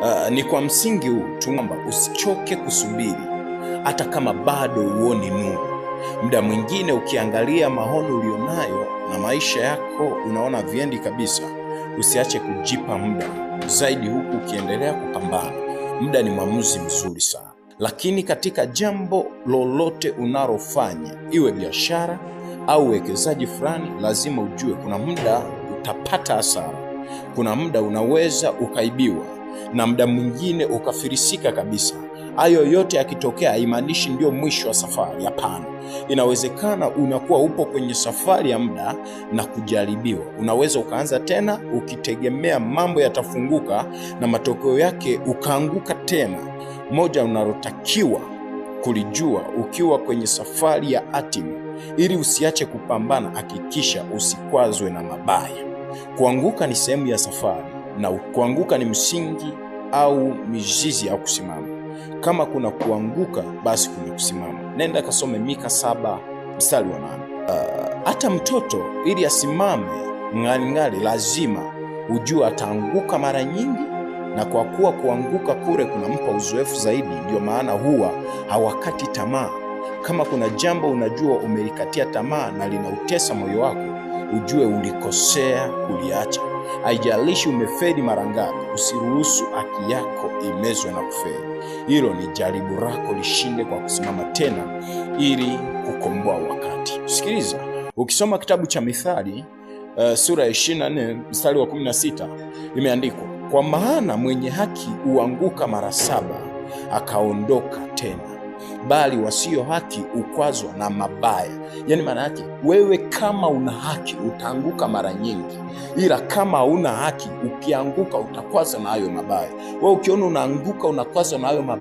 uh, ni kwa msingi huu tu usichoke kusubiri hata kama bado huoni nuru. Muda mwingine ukiangalia maono ulionayo na maisha yako unaona viendi kabisa, usiache kujipa muda zaidi, huku ukiendelea kupambana. Muda ni mwamuzi mzuri sana, lakini katika jambo lolote unalofanya, iwe biashara au uwekezaji fulani, lazima ujue kuna muda utapata hasara, kuna muda unaweza ukaibiwa na muda mwingine ukafirisika kabisa. Hayo yote yakitokea, haimaanishi ndio mwisho wa safari. Hapana, inawezekana unakuwa upo kwenye safari ya muda na kujaribiwa. Unaweza ukaanza tena ukitegemea mambo yatafunguka, na matokeo yake ukaanguka tena. Moja unalotakiwa kulijua ukiwa kwenye safari ya atimu ili usiache kupambana, hakikisha usikwazwe na mabaya. Kuanguka ni sehemu ya safari na kuanguka ni msingi au mizizi au kusimama. Kama kuna kuanguka, basi kuna kusimama. Nenda kasome Mika saba mstari wa nane. Uh, hata mtoto ili asimame ng'aling'ali, lazima hujua ataanguka mara nyingi, na kwa kuwa kuanguka kule kunampa uzoefu zaidi, ndio maana huwa hawakati tamaa. Kama kuna jambo unajua umelikatia tamaa na linautesa moyo wako ujue ulikosea kuliacha. Haijalishi umefeli mara ngapi, usiruhusu haki yako imezwe na kufeli. Hilo ni jaribu lako, lishinde kwa kusimama tena ili kukomboa wakati. Sikiliza, ukisoma kitabu cha Mithali uh, sura ya 24 mstari wa 16 imeandikwa, kwa maana mwenye haki huanguka mara saba akaondoka tena bali wasio haki ukwazwa na mabaya. yani maana yake wewe kama una haki utaanguka mara nyingi, ila kama hauna haki ukianguka utakwaza na hayo mabaya. Wewe ukiona unaanguka unakwazwa na hayo mabaya